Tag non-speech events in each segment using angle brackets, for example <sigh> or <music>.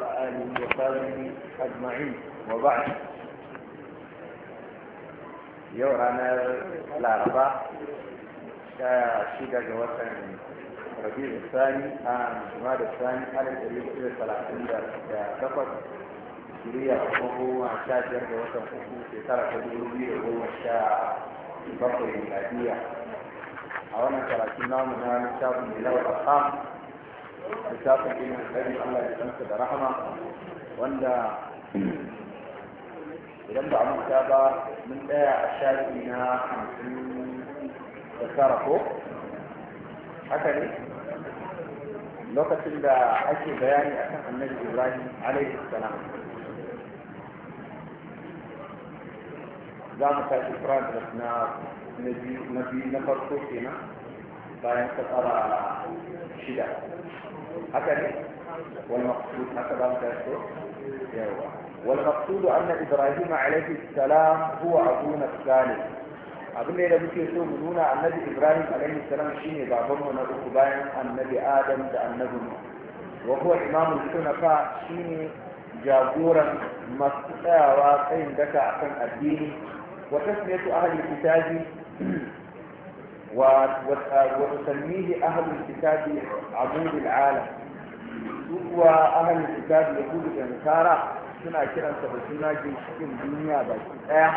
وعلى آله وصحبه أجمعين وبعد يورانا الأربعاء شاشدة جواتنا ربيع الثاني عام جماد الثاني على الإليس إلى ثلاثين دقيقة شريعة حقوقه عن في طرف الجنوبية وهو الشاعر بطل أولا littafin ilmin tsari Allah ya kanta da rahama wanda idan ba a manta ba mun tsaya a shafi na hamsin da tara ko haka ne lokacin da ake bayani akan annabi ibrahim alaihi salam za mu tashi progress na na biyu na farko kenan bayan ka tsara shida haka ne wal maqsud haka ba mu tashi yawa wal anna ibrahim alayhi salam huwa abuna salih abin da muke so mu nuna annabi ibrahim alayhi salam shine babanmu na uku bayan annabi adam da annabi wa huwa imamul sunafa shine jagoran masu tsayawa tsayin daka akan addini wa tasmiyatu ahli kitabi وتسميه أهل الكتاب عمود العالم هو أهل الكتاب يقول الإنكار suna kiransa da suna ke cikin duniya baki ɗaya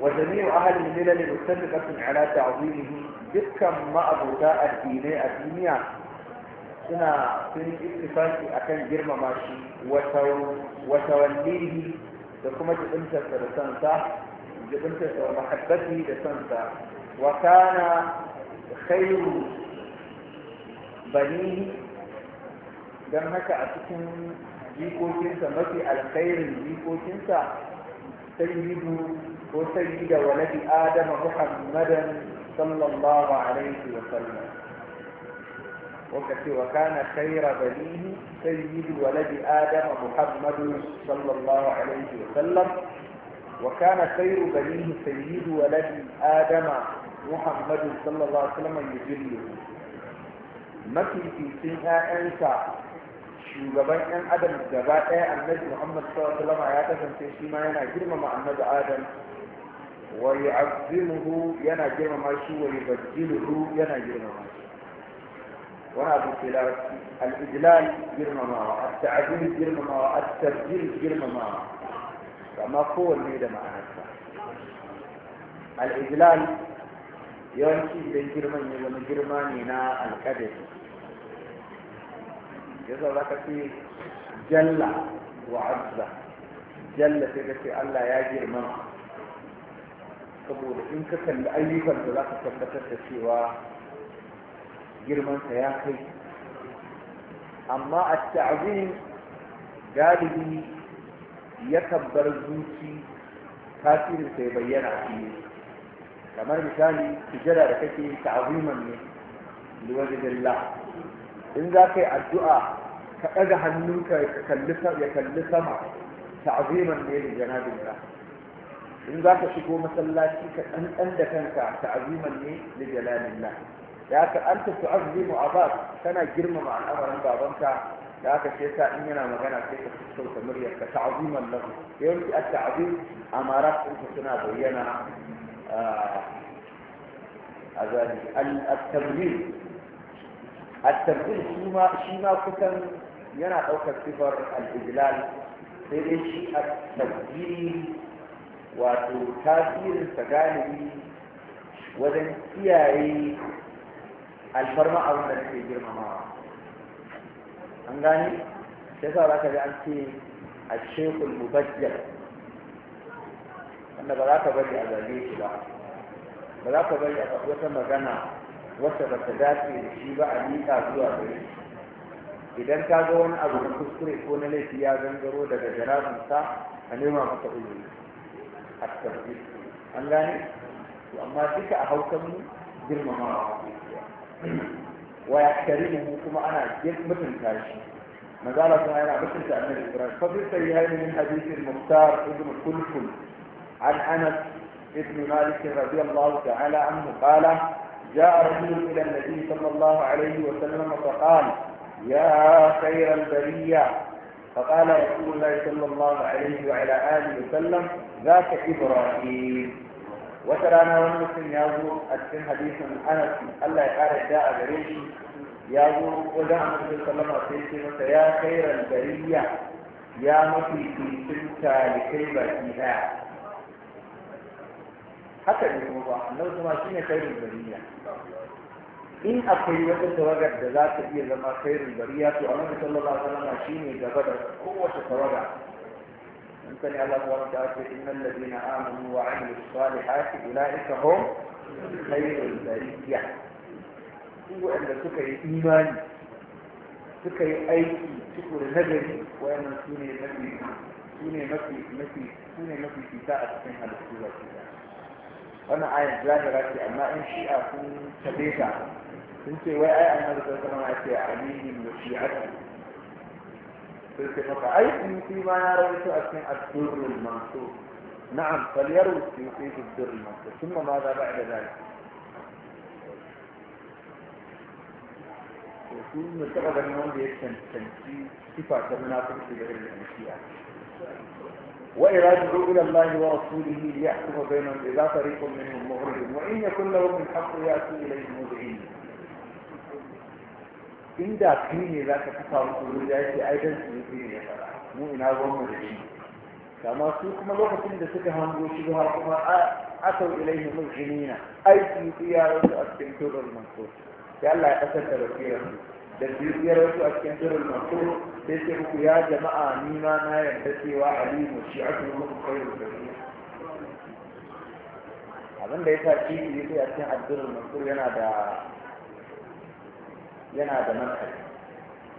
wa jami'u ahli milal mustaqatun ala ta'zimihi dukkan ma'abuta addinai a duniya suna sun ittifaqi akan girmama shi da kuma jibinta جبنت ومحبته لسنسا وكان خير بنيه don haka a cikin jikokinsa mafi alkhairin jikokinsa sayyidu ko sayyida waladi adama muhammadan sallallahu alaihi wa sallam wakati wa kana khaira banihi waladi adama muhammadun sallallahu alaihi wa sallam وكان خير بنيه سيد ولد آدم محمد صلى الله عليه وسلم يجله يجريه في سنها أنسى شوغبان أن أدم الزباء النبي محمد صلى الله عليه وسلم عياته في تشيما ينا جرم محمد آدم ويعظمه ينا جرم ما شو ويبجله ينا جرم ما شو وانا أبو خلاف الإجلال جرم ما التعزيم جرم ما التبجيل جرم ما amma kowanne da ma'anarsa al yawanci idan girman ya zama girma ne na alƙadari yasa za ka ce jalla wa azza jalla sai ka ce allah ya girma saboda in ka kalli ayyukan da za ka tabbatar da cewa girmansa ya kai amma a ta'azim galibi yakan bar zuci tasirin sai bayyana a fili kamar misali sujada da kake ta'aziman ne liwajidillah in za ka yi addu'a ka ɗaga hannunka ya kalli sama ta'aziman ne da janabinka in za ka shigo masallaci ka ɗanɗan da kanka ta'aziman ne da jalalillah Ya haka an ta tu'azzimu abak kana girmama al'amarin babanka da aka ce sa in yana magana sai ka sassauta muryar ka ta'aziman lahu yawanci a ta'azim amarat ɗinka suna bayyana a zali al-tabrin al-tabrin shi ma kusan yana ɗaukar sifar al-ijlal sai dai shi al-tabrin wato tasirinsa galibi wajen kiyaye alfarma a wannan ke girmamawa an gane sai sa za ka ji an ce a shekul mubajjal wanda ba za ka bari a zage shi ba ba za ka bari a faɗi wata magana wacce ba ta dace da shi ba a miƙa zuwa gare shi idan ka ga wani abu na kuskure ko na laifi ya gangaro daga jarabinsa a nema maka ilimi a tafi an gane to amma duka a hausan mu girmamawa ويحترمه ثم أنا جيت مثل كاشي ما قالت أنا أنا مثل تأمل إبراهيم فضل سيئين من حديث المختار ابن الكلكل عن أنس ابن مالك رضي الله تعالى عنه قال جاء رجل إلى النبي صلى الله عليه وسلم فقال يا خير البرية فقال رسول الله صلى الله عليه وعلى آله وسلم ذاك إبراهيم wata rana wani mutum ya zo a cikin hadisin anas Allah ya kara da a gare shi ya zo wajen annabi sallama sai ce masa ya khairan bariya ya mafi cikin talikai baki daya haka ne kuma ba annabi kuma shine khairan bariya in akwai wata tawagar da za ta iya zama khairan bariya to annabi sallallahu alaihi wasallam shine gaba da kowace tawaga يمكن الله سبحانه وتعالى إن الذين آمنوا وعملوا الصالحات أولئك هم خير البرية وأن سكي إيماني سكي أيكي شكر نجري وأن سوني نبي سوني مفي مفي سوني مفي في ساعة من هذا السورة وأنا آية بلاد أما إن شيء أكون سبيتا sun ce wai ai annabi sallallahu alaihi wasallam ya ce alimin da shi'atu فالتفق أي فيما يروي الدر المنصوب نعم فليروي في في الدر المنصوب ثم ماذا بعد ذلك يقول مرتبط المنون بيه تنفيذ كيف اعتمناكم في غير الانشياء وإرادعوا إلى الله ورسوله ليحكم بينهم إذا فريق منهم مغرب وإن يكن لهم الحق يأتي إليه مدعين inda kai ne za ka fita musu wuri ya ce ai dan su ne ya fara mu ina ruwan mu da shi kama su kuma lokacin da suka hango shi zuwa kuma asau ilaihi mujrimina ai su ya rasu a cikin turul mansur ya Allah ya kasar da rafiyar su da su ya rasu a cikin turul mansur sai sai ku ya jama'a ni ma na yarda cewa mu shi a yi muku kai da abin da ya sa shi ne sai a cikin abdul mansur yana da yana da manhaji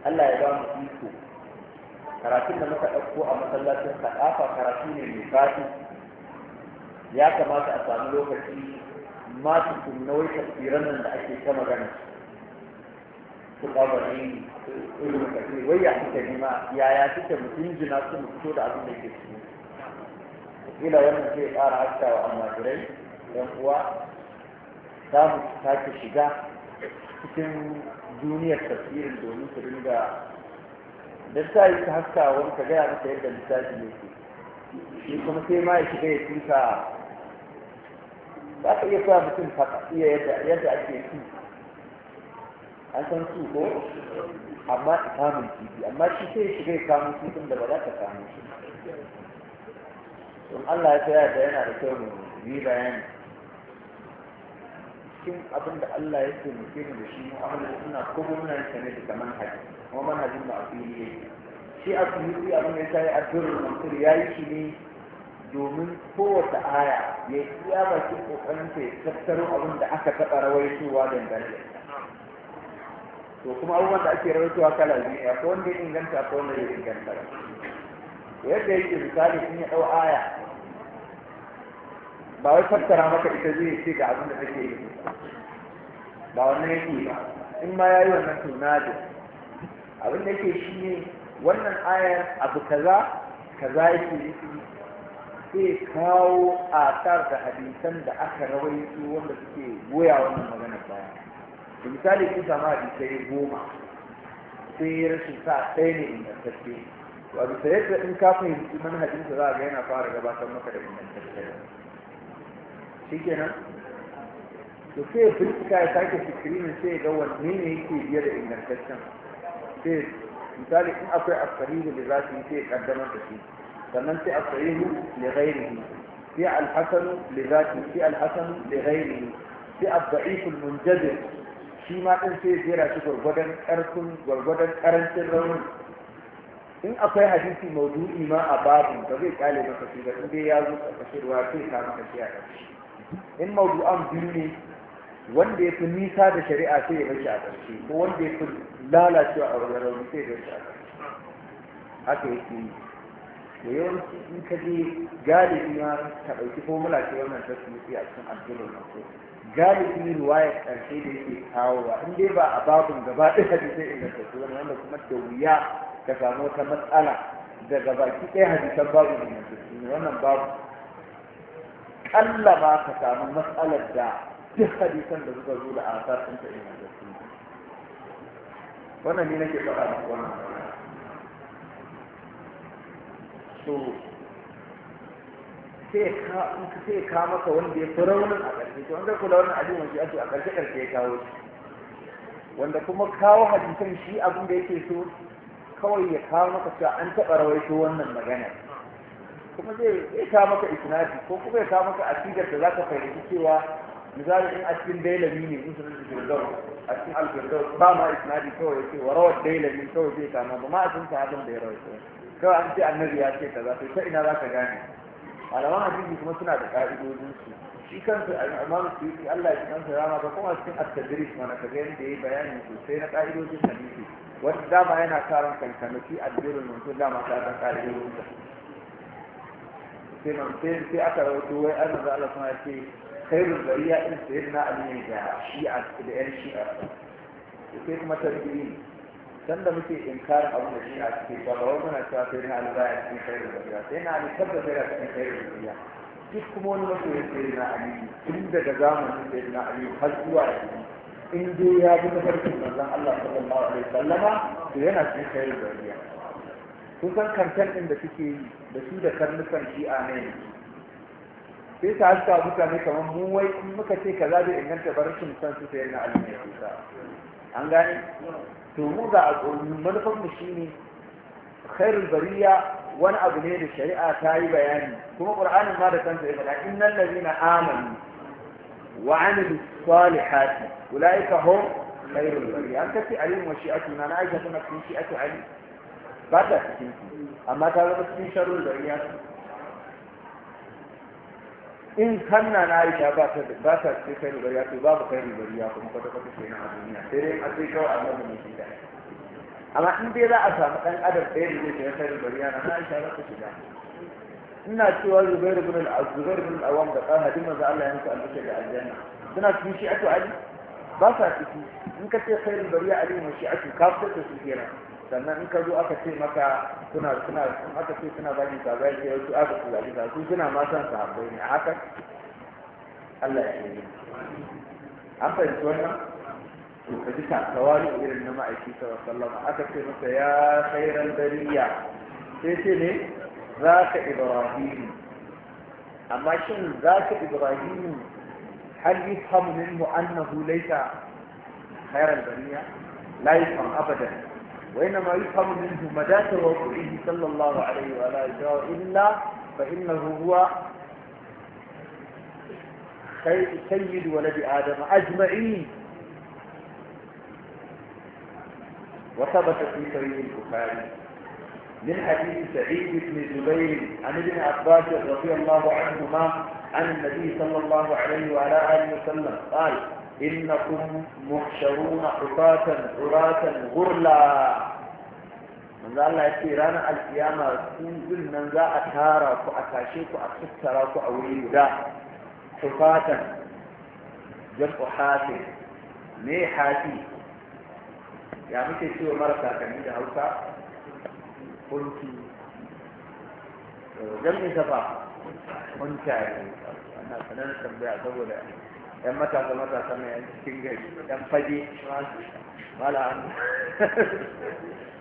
Allah ya ba mu iko karatun da muka ɗauko a masallacin kaɗafa karatu ne mai fadi ya kamata a samu lokaci masu kunnawai tafsiran nan da ake ta magana su ƙabarin irin kafin wai ya suke nima yaya suke mutum jina su mu fito da abin da ke ciki ila wannan zai ƙara haska wa almajirai yan uwa za mu sake shiga cikin duniyar tafsirin domin su dinga don ta yi ta haska wani ka gaya masa yadda lissafi ne ke shi kuma sai ma ya shiga ya tuka za ka iya sa mutum ta iya yadda ake su an san su ko amma ta kamun kifi amma shi sai ya shiga ya kamun kifin da ba za ka kamun shi don Allah ya tsaya da yana da kyau mu yi bayani cikin abin da Allah ya ce muke da shi mu ahlu suna ko muna yin sa ne da kuma manhajin mu a fili yake shi a fili abin da ya sai addu'ar mansur yi shi ne domin kowace aya ya iya bakin kokarin ta ya tattaro abin da aka taɓa rawaitowa dangane da to kuma abubuwan da ake rawaitowa kala biyu ko wanda ya inganta ko wanda ya inganta yadda yake misali in ya ɗau aya ba wai fassara maka ita zai ce ga abin da take yi ba wannan yake ba in ma yayi wannan tunajin abin da yake shi ne wannan ayar abu kaza kaza yake yi sai kawo asar da hadisan da aka rawaito wanda suke goya wannan maganar baya da misali kun samu hadisai goma sai rashin sa ɗaya ne ingantacce to a yadda in ka fahimci manhajinsa za a ga yana fara gabatar maka da ingantacce shi kenan to sai ya bincika ya sake sikirinin sai ya ga wanne ne yake biya da ingantaccen sai misali in akwai asarihu da za su yi sai ya kaddamar da shi sannan sai asarihu da ne, sai alhassanu da za su sai alhassanu da ne, sai abda'ifun munjabir shi ma ɗin sai ya jera shi gwargwadon ƙarfin gwargwadon ƙarancin raunin in akwai hadisi maudu'i ma a babu ba zai kyale maka shi ba in dai ya zo ƙarƙashin ruwa sai ya ka maka shi a ƙarshe in mawdu'an biyu ne wanda ya fi nisa da shari'a sai ya bashi a ƙarshe ko wanda ya fi lalacewa a wajen rauni sai ya bashi a ƙarshe haka yake yi da yawanci in ka je galibi ma ta ɗauki formula ce wannan ta su a cikin addinin mutum galibi ne ya ƙarshe da yake kawowa in dai ba a babin gaba ɗaya in ingantattu wani wanda kuma da wuya ka samu wata matsala daga baki ɗaya hadisan babu ingantattu ne wannan babu akalla ba ka samu matsalar da duk hadisan da suka zo da asar sun ta ingantattu wannan ne nake faɗa da wannan so sai ka sai ka maka wanda ya fi raunin a ƙarshe to wanda kula wannan abin shi ake a ƙarshe ƙarshe ya kawo shi wanda kuma kawo hadisan shi abin da yake so kawai ya kawo maka cewa an taɓa rawaito wannan maganar kuma zai ka maka isnadi ko kuma ya ka maka asidar da zaka fahimci cewa misali in askin dailami ne in sunan firdaus askin al-firdaus ba ma isnadi kawai yake wa rawat dailami kawai zai kama ba ma asin sahabin da ya rawaito kawai an ce annabi ya ce kaza sai ta ina zaka gane malaman hadisi kuma suna da ka'idojin su shi kansa su yi, Allah ya kansa rama ba kuma cikin at-tadris mana ka ga yadda yayi bayani sosai na ka'idodin hadisi wanda dama yana karan kankanaki addirul mutum dama ta san ka'idojin sai sai aka rawaito wai an da Allah kuma ce khairul bariya in sai na ne da shi'a da yan shi'a sai kuma tarbiyyi san da muke inkarin abin da shi'a suke ba ba wai muna cewa sayyidina ali ba ya cikin khairul bariya sayyidina ali tabbata yana da khairul bariya duk kuma wani masoyin sayyidina ali tun daga zamanin sayyidina ali har zuwa yanzu in dai ya bi tafarkin manzon Allah sallallahu alaihi wasallama to yana cikin khairul bariya kusan kantar ɗin da suke yi da su da karnukan shi a nan sai ta haska mutane kamar mu wai in muka ce ka zaɓi inganta barcin rashin san su sai na alimin ya kusa an gane to mu ga a manufar mu shine khairul bariya wani abu ne da shari'a ta yi bayani kuma qur'anin ma da kansa ya faɗa innal ladina amanu wa amilu salihati ulaika hum khairul bariya an kace alim wa shi'atuna na aisha tana cikin shi'atu ali ba ta cikin su amma ta zama cikin sharrin da ya in kanna na aisha ba ta ba ta cikin kai su to babu kai rubariya kuma kwata kwata ke na duniya sai dai a sai kawai annabi ne shi da amma in dai za a samu dan adam ɗaya da zai shiga kai rubariya na aisha za ta shiga ina cewa zubairu bin al-zubair bin al-awam da kan hadin manzo Allah ya musu albarka da aljanna suna cikin shi'atu ali ba sa ciki in ka ce a rubariya ali mu shi'atu ka da su kenan sannan in ka zo aka ce maka suna suna aka ce suna zagi kaza ke wasu aka ce zagi kaza su suna ma san sahabbai ne haka Allah ya shirye an fahimci wannan to ka ji ta tawari irin na ma'aiki sallama. aka ce masa ya khairan dariya sai ce ne za ka ibrahim amma shin zaka ibrahim hal yafhamu minhu annahu laysa khairan dariya la yafhamu abadan وإنما يفهم منه مدى توضعه صلى الله عليه وآله إلا فإنه هو سيد ولد آدم أجمعين وثبت في صحيح البخاري من حديث سعيد بن جبير عن ابن عباس رضي الله عنهما عن النبي صلى الله عليه وعلى آله وسلم قال innakum mukhsharuna hutatan uratan ghurla manzo Allah ya ce ranar alkiyama kun nan za a tara ku a tashe ku a tattara ku a wuri guda hutatan jabu hati me hati ya muke cewa marasa kani da hausa kunki jami'in safa kunciya ne ana sanar da tambaya yan matasa matasa mai yan cikin gari yan fage wala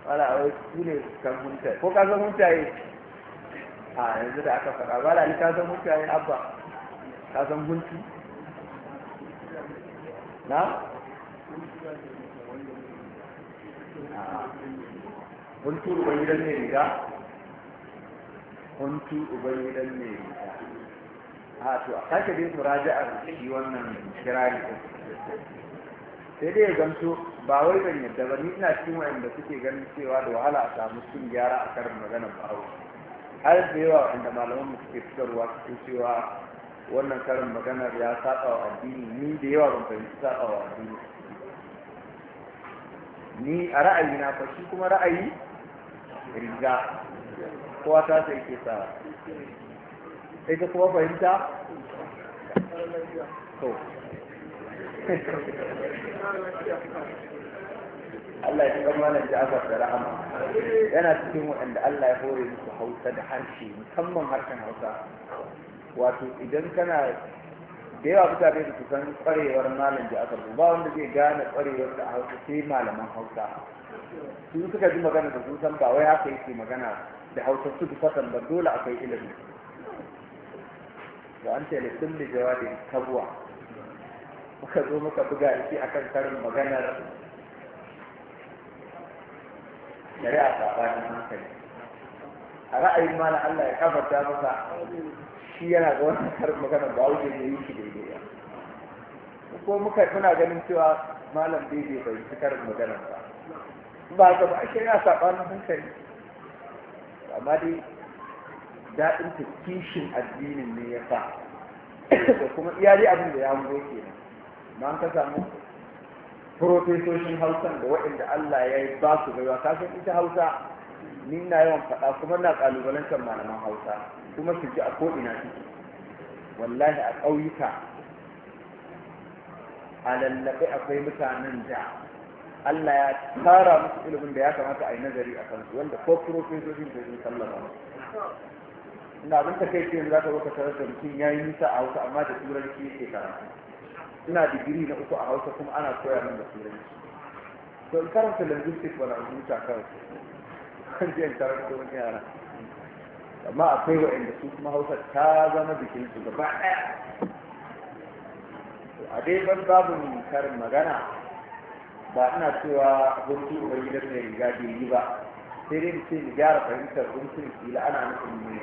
wala a wasu ne kan hunta ko ka san hunta yi a yanzu da aka faɗa wala ni ka san hunta yi abba ka san na huntu ubangidan ne riga huntu ubangidan ne riga a to a sake bin muraja'ar shi wannan kirari sai dai ya ba wai ban yadda ba ni ina cikin wayanda suke ganin cewa da wahala a samu sun gyara a karin maganar bawo har da yawa inda malaman suke fitarwa su cewa wannan karin maganar ya saba wa addini ni da yawa ban fahimci saba wa addini ni a ra'ayi na fa shi kuma ra'ayi riga kowa ta sai ke sa sai ka kuma fahimta Allah ya kan malam Ja'far da rahama yana cikin waɗanda Allah ya hore musu Hausa da harshe musamman harshen Hausa wato idan kana da yawa mutane da san kwarewar malam Ja'far ba wanda zai gane kwarewar da Hausa sai malaman Hausa su suka ji magana da sun san ba wai haka yake magana da Hausa su fasan ba dole akwai ilimi da an ce da jawabin tabuwa muka zo muka buga shi akan karin maganar shari'a sabanin hankali a ra'ayin na Allah ya kafarta masa shi yana ga wannan karin maganar ba wuce ne yi shi daidai ya ko muka muna ganin cewa malam bai bai su karin maganar ba ba ga ba shari'a sabanin hankali amma dai daɗin ta kishin addinin ne ya sa da kuma iyali abin da ya hango ke nan ma ka samu profesoshin hausan da waɗanda Allah ya yi ba su gaiwa kasan ita hausa ni na yawan faɗa kuma na ƙalubalantar malaman hausa kuma su ji a ko'ina suke wallahi a ƙauyuka a lallaɓe akwai mutanen da Allah ya tara musu ilimin da ya kamata a yi nazari a kansu wanda ko profesoshin da sun sallama ina abin takaici yanzu za ka zo ka tarar da mutum ya yi nisa a hausa amma da turanci yake karatu ina digiri na uku a hausa kuma ana koya min da turanci to in karanta ba na rubuta kawai kan je in karanta wani yara amma akwai wa'anda su kuma hausa ta zama bikin su gaba ɗaya a dai ban babu karin magana ba ina cewa gunki ubangijin mai riga bai yi ba sai dai mutum ya gyara fahimtar gunkin ila ana nufin mai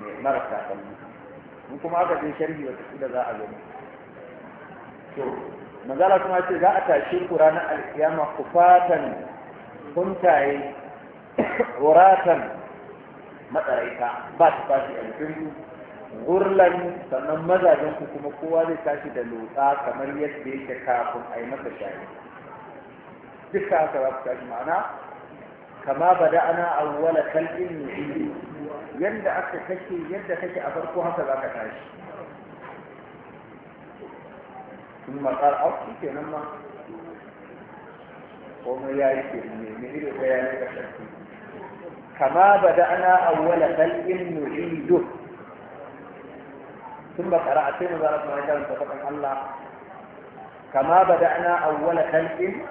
mai marasa kalli in kuma aka je sharhi wata da za a gani to manzala kuma ce za a tashi ku ranar alkiyama kufatan kuntaye wuratan matsaraita ba su fashi a jikin gurlan sannan mazajen ku kuma kowa zai tashi da lotsa kamar yadda yake kafin a yi masa shayi duka haka za su tashi ma'ana kama bada ana awwala kalbin ne yadda aka kake yadda kake a farko haka za ka tashi in matsar auki ke nan ma kuma ya yi ke ne ne ne ya yi da shakki kama ba da ana awwala dal'in nu'idu sun ba tsara a sai maza rasu na jarin tafakan allah kama ba da ana awwala dal'in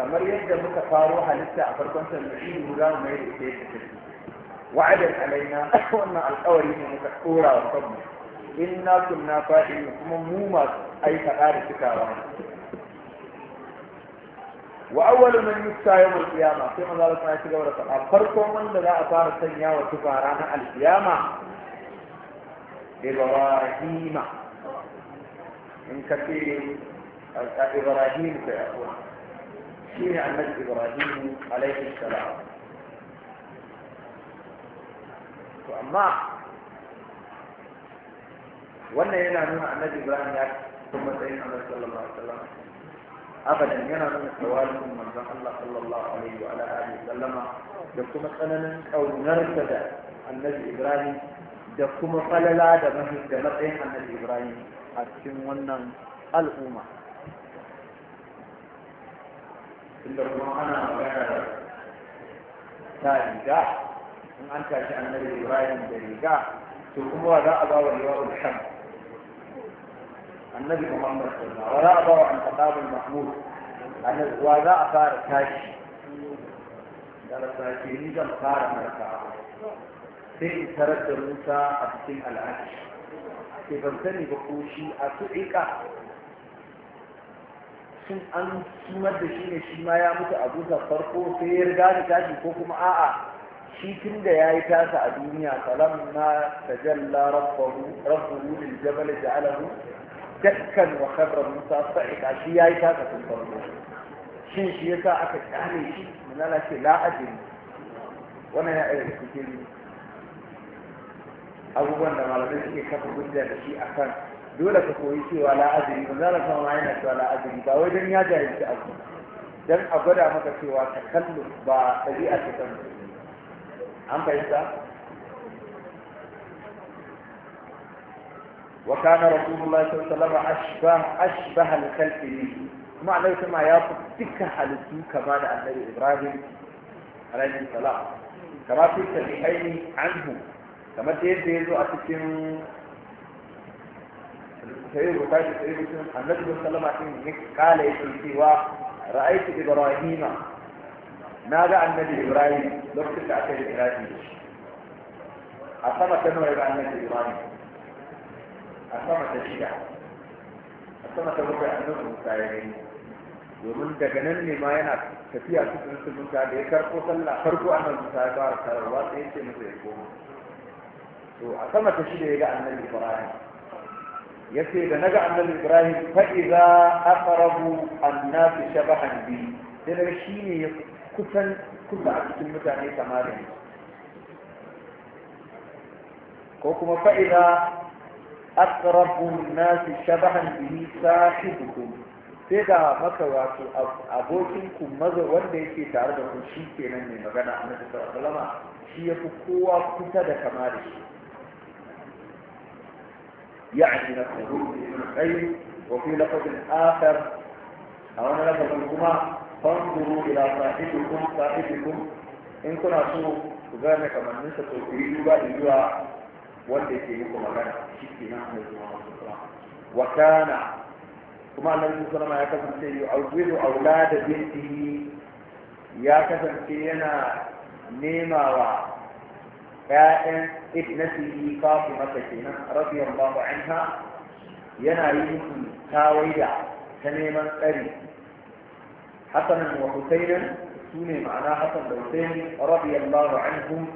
kamar yadda muka faro halitta a farkon sanar'i ruwa mai da ke tafi وعدل علينا وأن القوري من وصبنا إنا كنا فائل كما موما أي فقار سكاوان وأول من يفتى يوم القيامة في كما قال سنة كبيرة فرقوا من بدأ أطار السنيا وتفارانا القيامة إبراهيم من كثير إبراهيم في فيقول شيء عن مجد إبراهيم عليه السلام to amma wannan yana nuna annabi ibrahim ya kuma matsayin annabi sallallahu alaihi wasallam abadan yana nuna tawalin manzon Allah sallallahu alaihi wa alihi sallama da kuma tsananin kaunarsa da annabi ibrahim da kuma falala da da matsayin annabi ibrahim a cikin wannan al'umma inda kuma ana magana da ta in an tashi annabi ibrahim da riga to kuma wa za a ba wa liwa'ul sham annabi muhammad sallallahu wa za a ba wa al-qatabul mahmud annabi wa za a fara tashi Da ke ni zan fara marka sai in tarar da musa a cikin al'ashi ke ban sani ba ko shi a tu'ika shin an sumar da shi ne shi ma ya mutu a busa farko sai ya riga da tashi ko kuma a'a shi tun da ya yi tasa a duniya salam na tajalla rabbuhu lil jabal ja'alahu dakkan wa khabra musa sa'ida shi ya yi tasa tun farko shin shi yasa aka kyale shi manala ce la ajin wannan ya aika cikin abubuwan da malamai suke kafa hujja da shi akan dole ka koyi cewa la ajin manala kuma ma yana cewa la ajin ba wai dan ya jahilci abu dan a gwada maka cewa takalluf ba ɗabi'a ta kanka an fahimta wa kana rasulullahi sallallahu alaihi wasallam ashbah ashbah al-khalq li kuma annabi kuma ya fi duka halittu kama da annabi Ibrahim alaihi salam kama fi sahihaini anhu kama da yadda yazo a cikin sai bukari sai mutum annabi sallallahu alaihi wasallam ya kala yake cewa ra'aytu ibrahima ga annabi ibrahim lokacin da aka yi iraki da shi a sama ta nawa ya ga annabi ibrahim a sama ta shida a sama ta bakwai annabi musa ya gani domin daga nan ne ma yana tafiya cikin su musa da ya karko sallah farko annabi musa ya fara kararwa sai ya ce masa ya koma to a sama ta shida ya ga annabi ibrahim ya ce da na ga annabi ibrahim fa'iza aqrabu annasi shabahan bi sai shi ne ya kusan kusa a cikin mutane kamar ko kuma fa'ida aqrabun nasi shabahan bihi buku sai ga maka wato abokin ku maza wanda yake tare da ku shi kenan mai magana a nabi lama, shi ya fi kowa kusa da kama da shi da yi wa fi lafafin akar a wani lafafin kuma fanzuru ila sahibikum sahibikum in kuna so ku gane kamannin sa to ku yi duba zuwa wanda yake muku magana shi ke nan da zuwa wa kana kuma annabi sallallahu alaihi ya kasance yu'awwidu aulada bintihi ya kasance yana nema nemawa ƴaƴan ibnatihi Fatima kenan radiyallahu anha yana yi musu tawaida ta neman tsari حسنا وحسينا سوني معنا حسن وحسين رضي الله عنهم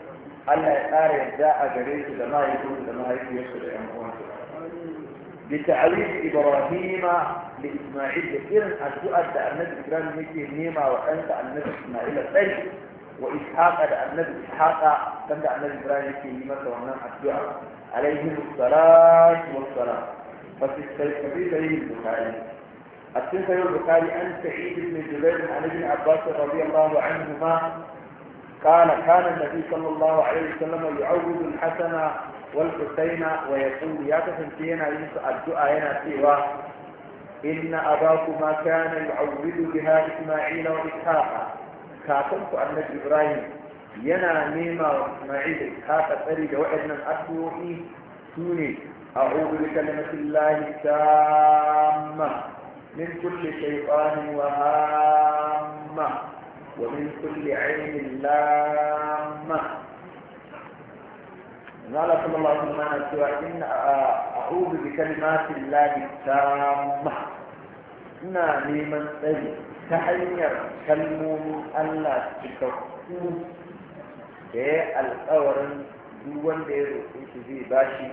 ألا يقار جاء جريس لما يكون لما يكون يشهد أموان بتعريف إبراهيم لإسماعيل إذن أسؤال النبي إبراهيم يكي نيمة وأنت النبي إسماعيل الثالث وإسحاق ده النبي إسحاق كان ده النبي إبراهيم يكي نيمة وأنت الدعاء عليهم الصلاة والسلام ففي السيد البخاري السنة البخاري عن سعيد بن جبير عن ابن عباس رضي الله عنهما قال كان النبي صلى الله عليه وسلم يعوض الحسن والحسين ويقول يا تفنتينا ينسى الدعاء هنا سوى إن أباكما كان يعوض بها إسماعيل وإسحاق كاتمت أن إبراهيم ينا نيما واسماعيل إسحاق تريد وإن الأسوء سوني أعوذ بكلمة الله التامة من كل شيطان وهامة ومن كل عين لامة قال صلى الله عليه وسلم إن أعوذ بكلمات الله التامة إنا لمن أجل تحير كلمون ألا تكفو ده إيه الأورن دوان ديرو رؤية باشي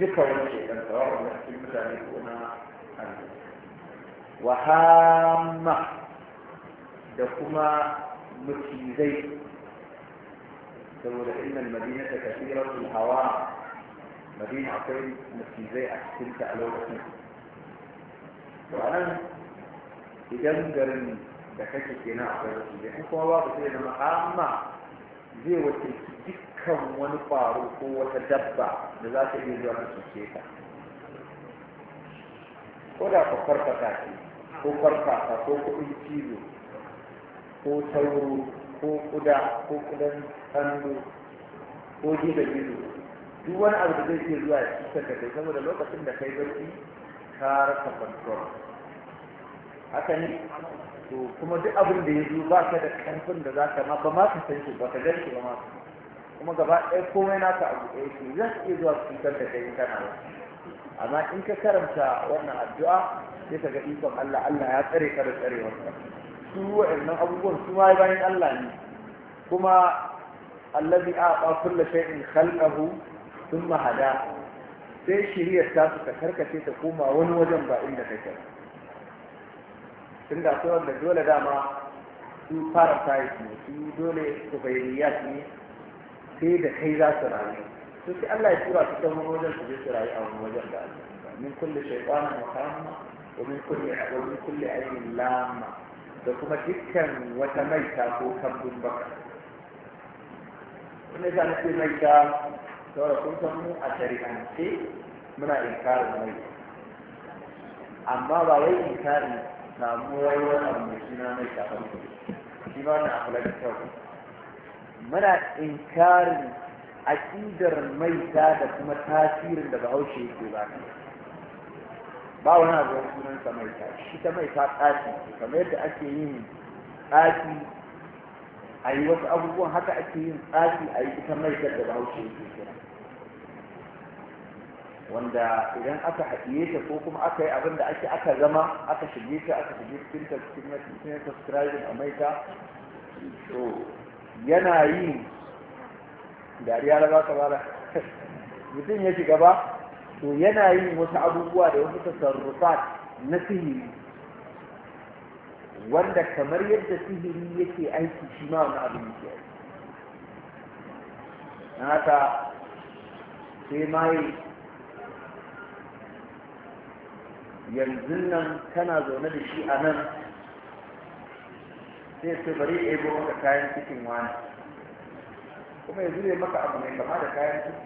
duka wani shaidan tsawon da cikin mutane ko na hannu wa hamma da kuma macizai saboda innan madina ta kasirar hawa madina akwai macizai a cikin ta a lokacin wannan idan garin da kake kenan akwai macizai in kuma babu sai da hamma zai wakilci kan wani faru ko wata dabba da za ta iya zuwa ta cuce ka ko da ka farfata ce ko farfata ko kuɗin cizo ko sauro ko kuda ko kudan sando ko gida gizo duk wani abu da zai iya zuwa ya cutar da kai saboda lokacin da kai barci ka rasa control haka ne to kuma duk abin da ya zo ba ka da ƙarfin da za ka ma ba ma ka san shi ba ka gan shi ba ma kuma gaba ɗaya komai naka a ɗaya ce zan iya zuwa cutar da kai kana ba amma in ka karanta wannan addu'a sai ka ga ikon Allah Allah ya tsare ka da tsarewarsa su wa'annan abubuwan su ma bayan Allah ne kuma allazi aqa kulli shay'in khalqahu thumma hada sai shiriyar ta su ta karkace ta koma wani wajen ba inda kake tunda akwai wanda dole dama su fara tayi su dole su bayyana ne sai da kai za su rayu to sai Allah ya tura su ta wajen su je su rayu a wani wajen da Allah min kulli shaytanin muhamma wa min kulli wa min kulli ayyin lamma da kuma dukkan wata maita ko kabbun baka wannan mai ta, maita saboda kun san mu a shari'ance muna inkarin mai amma ba wai inkarin na mu wai wannan mai suna maita ba shi ba na akhlaqi kyau muna inkarin aƙidar maita da kuma tasirin da bahaushe yake ba ba wani abu sunan sa maita shi ta maita tsaki kamar yadda ake yin tsaki a yi wasu abubuwan haka ake yin tsafi a yi ita maitar da bahaushe yake kira wanda idan aka haɗiye ta ko kuma aka yi abin da ake aka zama aka shige ta aka shige cikin ta cikin ta subscribing a maita to yana yi dariya na ba ka bala mutum ya shiga ba to yana yin wasu abubuwa da wasu tasarrufat na sihiri wanda kamar yadda sihiri yake aiki shi ma wani abin yake aiki sai maye yanzu nan kana zaune da shi a nan sai ce bari ya yi maka kayan cikin wani kuma ya zure maka abu mai kama da kayan ciki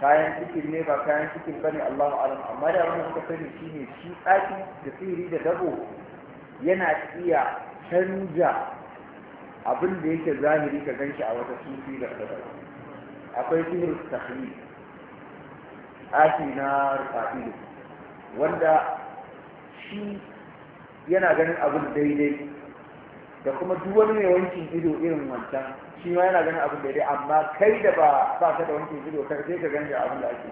kayan cikin ne ba kayan cikin ba ne Allahu alam amma da wani suka sani shi ne shi tsaki da da dabo yana iya canja abin da yake zahiri ka ganshi a wata sufi da kada akwai sihir tahrir tsaki na rufa'ilu wanda shi yana ganin abin daidai da kuma duk wani mai wankin ido irin wancan shi ma yana ganin abin daidai amma kai da ba ba ka da wankin ido kar sai ka gani abin da ake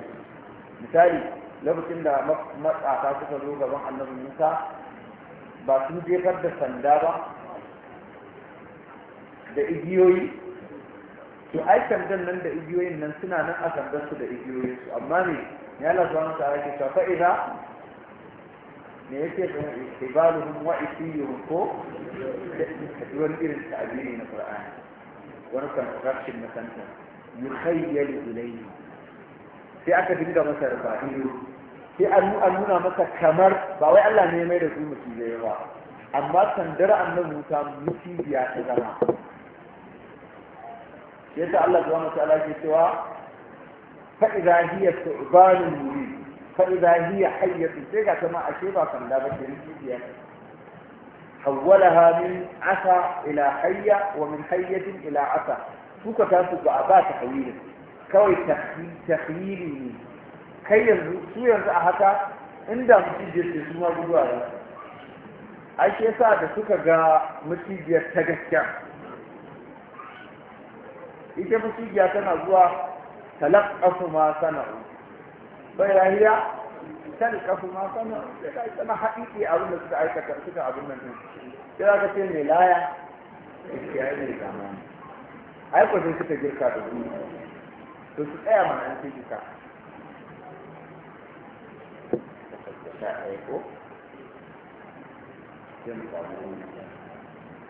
misali lokacin da matsaka suka zo gaban annabi Musa ba sun jefar da sanda ba da igiyoyi to ai sandan nan da igiyoyin nan suna nan a sandan su da igiyoyin su amma ne ya Allah subhanahu wa ke me yake ibaluhum wa isiyuhum ko wani irin ta'abiri na qur'ani wani construction na kanta yukhayyal ilayhi sai aka dinga masa ruba'iyu sai an nuna masa kamar ba wai Allah ne mai da su mutum ba amma sandar annabi Musa mutum biya ta zama yasa Allah subhanahu wa ta'ala ke cewa fa idza hiya tu'banun mubin فإذا هي حية تيجا كما أشيبها كان لا بشريك حولها من عسى إلى حية ومن حية إلى عسى suka tasu ba a ba ta hawilin kawai tahyili ne kai yanzu a haka inda mucijiyar ce su ma guduwa ya ai shi yasa da suka ga mucijiyar ta ita mutijiya tana zuwa talaqafu ma bayaniya ta da kafin makonan da ta na haɗiƙi abin da suka aikata suka abin nan ɗin shi ya ga mai laya da shi yayi mai zamani aikwatin suka girka da duniya to su tsaya mana an fi girka ta aiko jin kwanu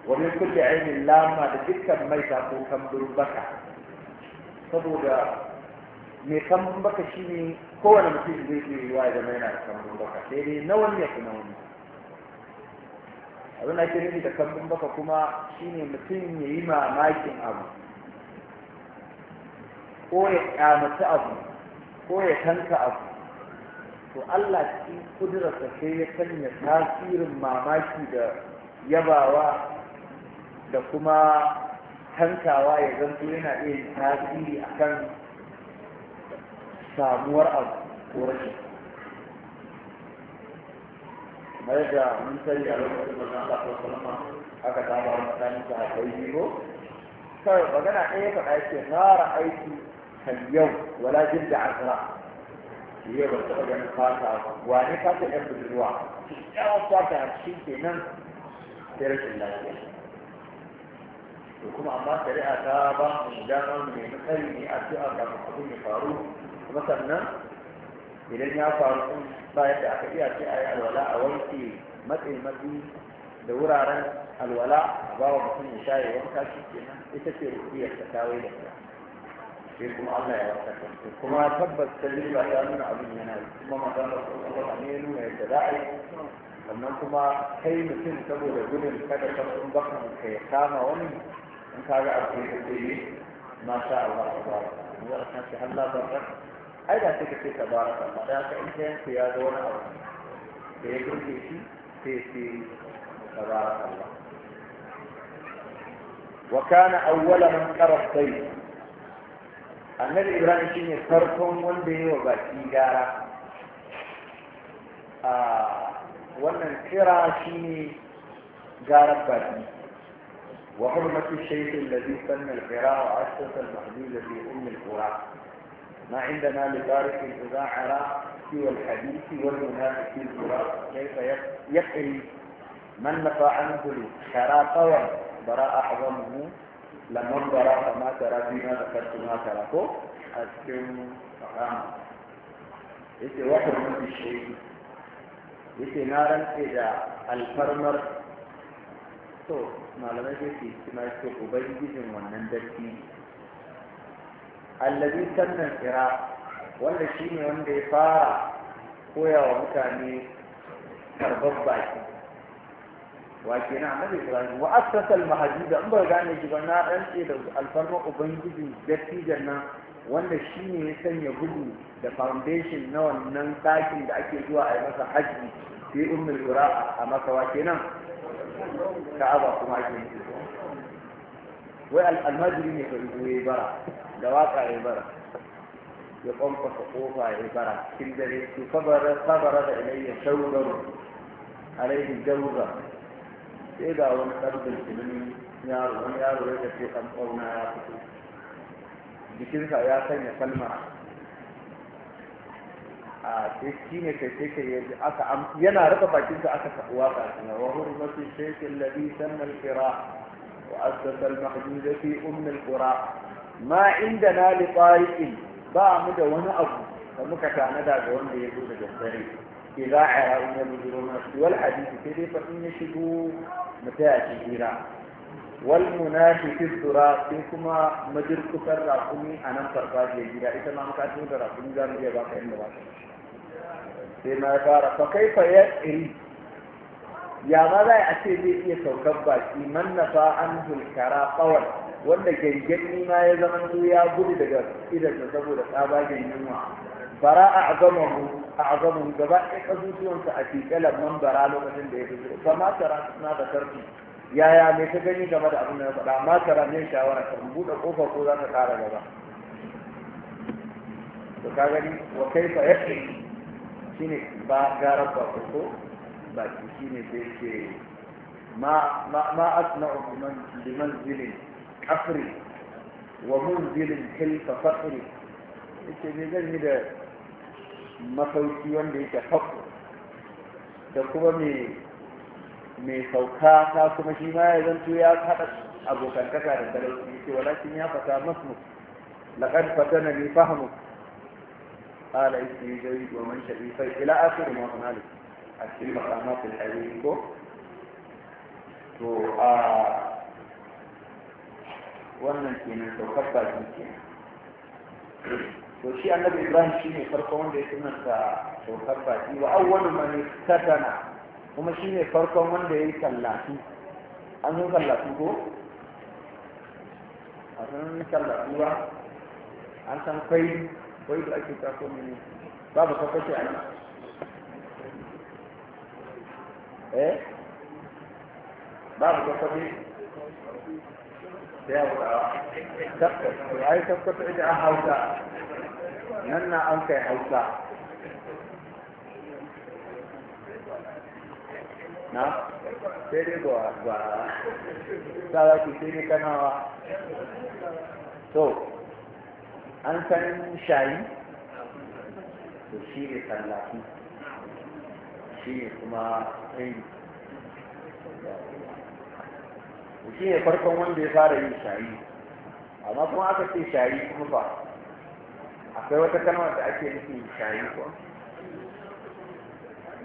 wani kuke ainihin lama da dukkan mai ta ko kan baka saboda mai kan baka shi ne kowane mutum zai iya yiwa ya zama yana da kambun baka sai dai na wani ya fi na wani abin da ake nufi da kambun baka kuma shine mutum ya yi mamakin abu ko ya kyamata abu ko ya tanka abu to Allah cikin kudurarsa sai ya sanya tasirin mamaki da yabawa da kuma tankawa ya zanto yana iya tasiri akan samuwar abu ko rashin mai da mun sani a lokacin da na Allah sallama aka saba wa tsakanin sa kai biyo kawai magana ɗaya faɗa yake fara aiki kan yau wala jin da asira yau ba taɓa ganin fata ba wane fata ɗan budurwa kyakkyawan fata shi kenan sai rashin lafiya to kuma amma shari'a ta ba mu damar mai matsari ne a ce a ga abin ya faru masannan idan ya faru sun ba yadda aka iya ce a yi alwala a wanke matsayi matsi da wuraren alwala a ba wa mutum ya shaye wanka shi nan ita ce rubiyar ta kawai da ta sai kuma Allah ya wata kanta kuma tabbas ta dalila ta nuna abin yana yi kuma magana kuma ne nuna yadda za a yi sannan kuma kai mutum saboda gudun kada sun bakan ka ya kama wani in ka ga abu da ke yi masha Allah ya ba za a kashe Allah ba ایدا تکی تبارک اللہ تعالی کا انسان کیا دور اور ایک روح کی وكان اول من قر الطيب النبي ابراهيم شيني فرقون وندي وباتي غارا آه ومن كرا شيني غارا باتي وحرمة الشيخ الذي سن القراء وعشرة المحدودة في أم القرآن ما عندنا لطارق إذا عرى سوى الحديث والمنافق في الفراق كيف يقري من نفى عنه الخرى طوى براء أعظمه لمن براء ما ترى فيما ذكرت ما تركه أسكن فقام وحر من الشيء يتي نارا إذا الفرمر تو ما sai su ما suna ce ubangijin wannan allazi sannan kira wanda shi ne wanda ya fara koya wa mutane karbar baki wa ke na annabi ibrahim wa asasa almahadi da an ba gane shi ba na dan da alfarma ubangiji dattijan nan wanda shi ne ya sanya gudu da foundation na wannan ɗakin da ake zuwa a yi masa hajji sai umar qura a makawa kenan ka'aba kuma ake yi والمجري يبرع دواقع يبرع يقوم فقوفا يبرع كذا إيه؟ يكبر صبر إلي شوذر عليه جوزة إذا ونقرد الجنين يا رغم يا رغم في قمقونا يا رغم بكذا يا سيد سلمى آه، تسكيني في تلك يجي أكا أم ينا رقبا كذا أكا سقواقا وهو المسيح الذي سمى الفراح وأسس المحجوز في أم القرى ما عندنا لطارق بعمد ونأب فمكة ندى بهم ليكون جسري إذا عرأنا بجرون والحديث كذي فإن شبو متاع كثيرا والمناشي في الذراء فيكما مجر كفر راقمي أنا فرقاج يجيرا إذا ما مكاتب راقمي زامي يباك إلا باك فيما فارق فكيف يأري ya ma za a ce zai iya saukar baki fa an hulkara tsawon wanda gangan ma ya zama su ya gudu daga idansa saboda tsabagen yunwa bara a azamahu a azamahu gaba ɗaya ƙasusuwansa a fiƙela man bara lokacin da ya fi zuwa ba ma tara na da karfi yaya me ka gani game da abin da ya faɗa ma tara ne shawara ka buɗe ƙofa ko za ka ƙara gaba to ka gani wa fa yake shine ba gara ba ko baki shine sai ce ma ma asna'u biman limanzilin kafri wa mun munzilin kaifa fakri yace me zan yi da masauki wanda yake fakku da kuma me mai sauka ta kuma shi ma ya zanto ya haɗa abokantaka da talauci yace walakin ya fata masu لقد فتنني فهمك قال استيجي ومن شبيفي ila آخر ما هنالك a cikin makamatin hadisi ko to a wannan kenan saukar bakin kenan to shi annabi ibrahim shi ne farko wanda ya sunanta saukar baki wa awwalu man iktatana kuma shi ne farkon wanda ya yi kallatu an yi kallatu ko a san kallatu ba an san kwai kai da ake taso mini babu kakwace a nan eh babu tabbaci sai hausawa tabbata ai tabbata ita an hausa nan na an kai hausa na sai dai ba ba sai kanawa to an san shayi to shi ne tallafi shi ne kuma ɗin shi ne farkon wanda ya fara yin shayi amma kuma aka ce shayi kuma ba akwai wata kalmar da ake nufi shayi ko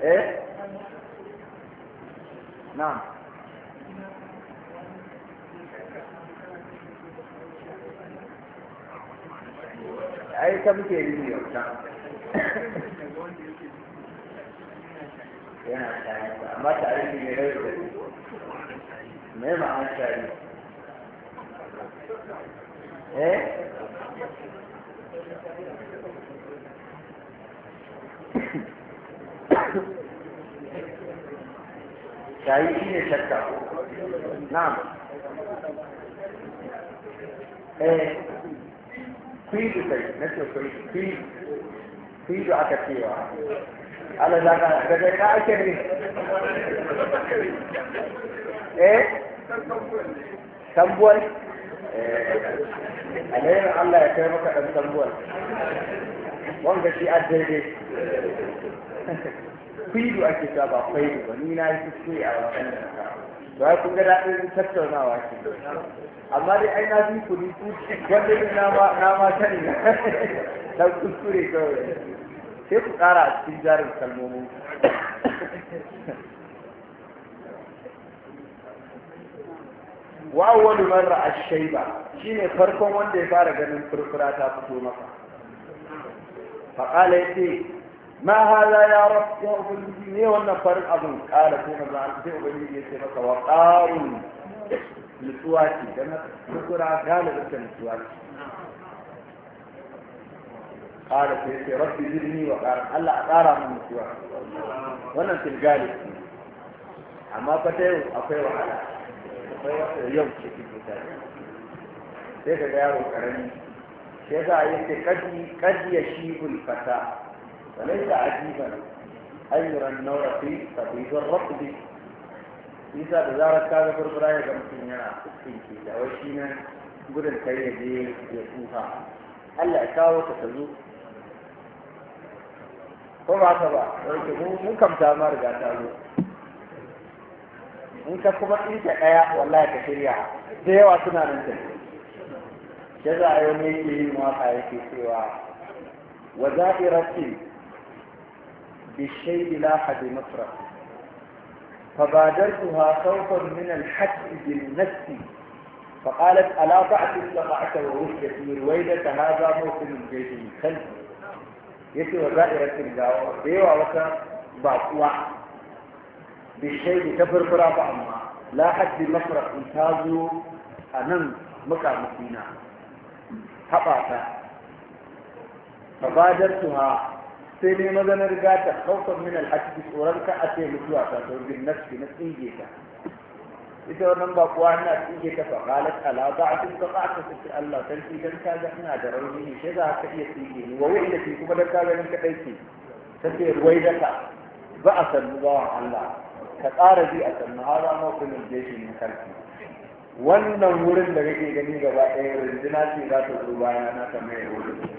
eh na, ai ta muke yi ne yana shayi amma tare da ne rai da me ma'anar tari eh tari <coughs> shi ne shakka na'am eh kwidu sai na ce kwidu aka cewa ala zaka daga ina ake ne eh tambuwal eh, alherin Allah ya kai maka ɗan tambuwar wanda shi a daidai kwidu ake cewa ba kwaidu ba ni na yi kuskure a wasan da to ba kun ga daɗin tattaunawa ce amma dai ai na fi ku su ku wanda yi na ma na ma sani na kuskure kawai sai ku ƙara a cikin jarin kalmomin wa awwalu Mara ra'a shayba shine farkon wanda ya fara ganin furfura ta fito maka fa ya ce ma hala ya rabb ya ubangiji ne wannan farin abun qala ko manzo Allah sai ubangiji ce maka wa qarun nutsuwa ce na furfura galibin ta nutsuwa ce qala sai yace rabbi zidni wa qara Allah a ƙara mun nutsuwa wannan tilgali amma fa yau akwai wahala yau ce kike ta sai ka ga yaro karami shi yasa yake kadi kadi ya shibul fata falaita ajiban ayyuran nawrafi tabidun rabbi isa da zarar ka ga furfura ya ga mutum yana ke. da wai shi nan gudun kai ya je ya tsufa Allah ya kawo ta ta zo ko ba ka ba wai ke mun kamta ma riga ta zo in ka kuma tsinta ɗaya wallahi ka shirya da yawa suna nan ta shi za a yi wani yake yin waka yake cewa wa za'iratin bishai ila hadi masra فبادرتها خوفا من الحد بالنفس فقالت ألا ضعت استطعت ووجدتي رويدة هذا موطن الجيش من خلفي يسوى دائرة الدعوة ديوة وكا باقوة بالشيء تفرقرا بعضها لا حد مفرق انتاجه أنم مكان مكينا حقاتا فبادرتها سيني مدن رجاتا خوفا من الحديث أورانك أتي مكواتا تقول النفس نفس جيتا إذا ونم بقوانا تيجيك فقالت ألا ضعت انتقعت فقلت الله تنسي جنكا جحنا جرونيه شذا كأي تيجيني ووعدتي كما لك هذا لم تقيتي تسير ويدك بأس الله الله ka ƙara bi a sannu har ma kuma na karfi wannan wurin da kake gani gaba ɗaya rinjina ce za ta zo baya na ta mai wurin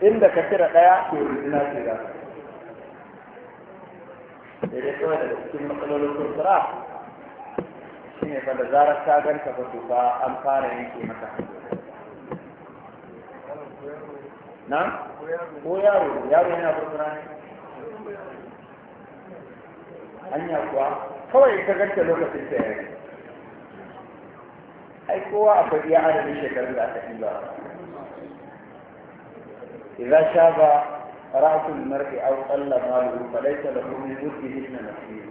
inda ka cire ɗaya to rinjina ce za ta da kawai daga cikin matsalolin kurkura shi ne fa da zarar ta ganta ba to fa an fara yanke maka na ko yaro yaro yana kurkura ne hanya kuwa kawai ka ganta lokacin ta yi ai kowa akwai iya adadin shekaru da aka ɗiba idan sha ba ra'atul mar'i aw qalla maluhu fa laysa lahu min na nasib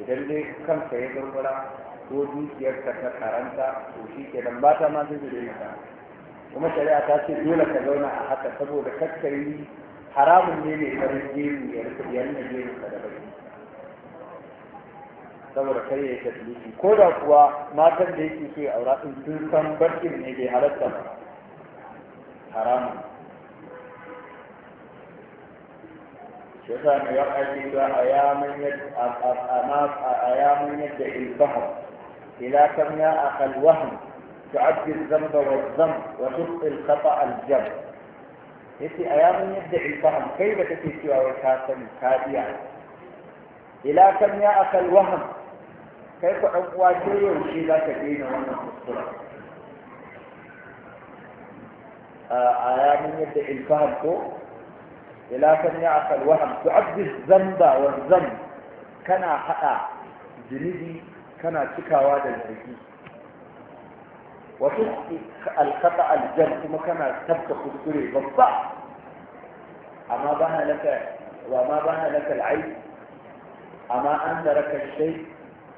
idan dai kanka ya gurgura ko dukiyarka ta karanta to shi ke dan ba ta ma zai zai kuma shari'a ta ce dole ka zauna a haka saboda kakkari haramun ne mai farin gemu ya da yanna ka da baki saboda kar ya yi ko da kuwa matan da yake so ya aura din sun san barkin ne bai halatta ba haramun shi yasa mai ya ake cewa a yaman yadda ilbahar ila kam ya akal wahm الذنب والذنب وتخطي الخطأ الجبر yace a ya mun yadda ilfaham kai ba kake cewa wai ka sani ka iya ila kam ya akal waham kai ku dan uwa ke yaushe za ka daina wannan kuskure a ya mun yadda ilfaham ko ila kam ya akal waham tu'addi zamba wa zan kana hada zunubi kana cikawa da zargi وتخطي الخطا الجلد كما تبتخ الدري بالضعف اما بها لك وما بها لك العيب اما انذرك الشيء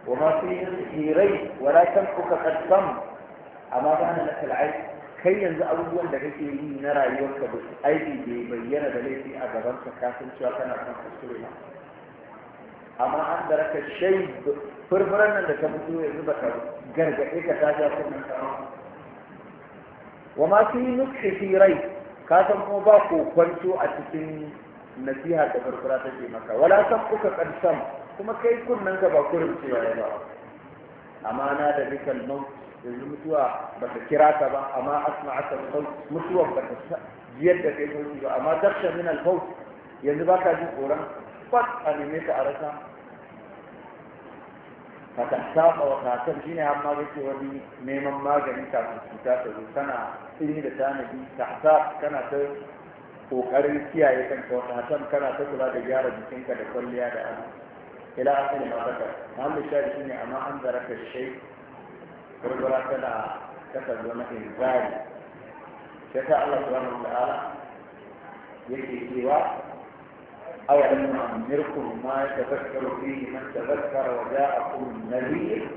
وما فيه هيري ولا تنفك قد تم اما بها لك العيب كي ينزع اول لك لي نرى يوك بايدي بيبين بليتي اغبرك كاسم شو كان اغبرك السوري اما انذرك الشيء فرفرنا لك بطوي الربك جرجعيك تاجا في المنطقه wa ma fi nufi fi rai ka san kuma ba ko kwanto a cikin nasiha da farfara take maka wala san kuka karsam kuma kai kunnan ka ba kurin cewa ya ba amana da bikal nan, yanzu mutuwa ba ta kira ka ba amma asma'aka al-maut mutuwa ba ta jiyar da kai sauki ba amma daksha min al-maut yanzu baka jin tsoron kwat a neme ka a rasa ta saba wa kakan shine amma yake wani neman magani kafin cuta ta zo kana tsini da tanadi ta kana ta kokarin kiyaye kanka wata hasan kana ta kula da gyara jikinka da kwalliya da ana ila akhir ma zaka mahallin shari shine amma an zaraka shay ta kana kasa zama inzari sai ta Allah subhanahu wa ta'ala yake cewa أو لم أنذركم ما يتذكر فيه من تذكر وجاءكم النذير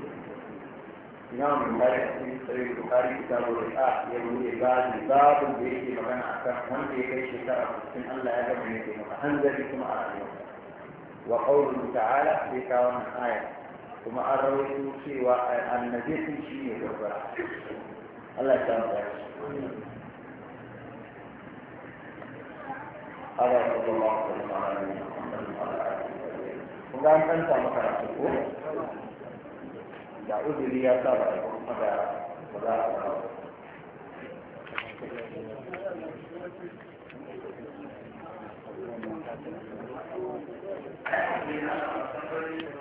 إمام الله في سيد البخاري كتاب الرئاح يقول عباد باب بيت مغنى أحكام من في بيت شرف من الله يجب أن يكون أنزلكم على وقوله تعالى في كون آية ثم أرويت شيء والنذير شيء يقول الله تعالى ala sallallahu alaihi wa sallam kun ga an san samu karatu ko da uzuri ya sa ba a kuma da za a ba Thank you.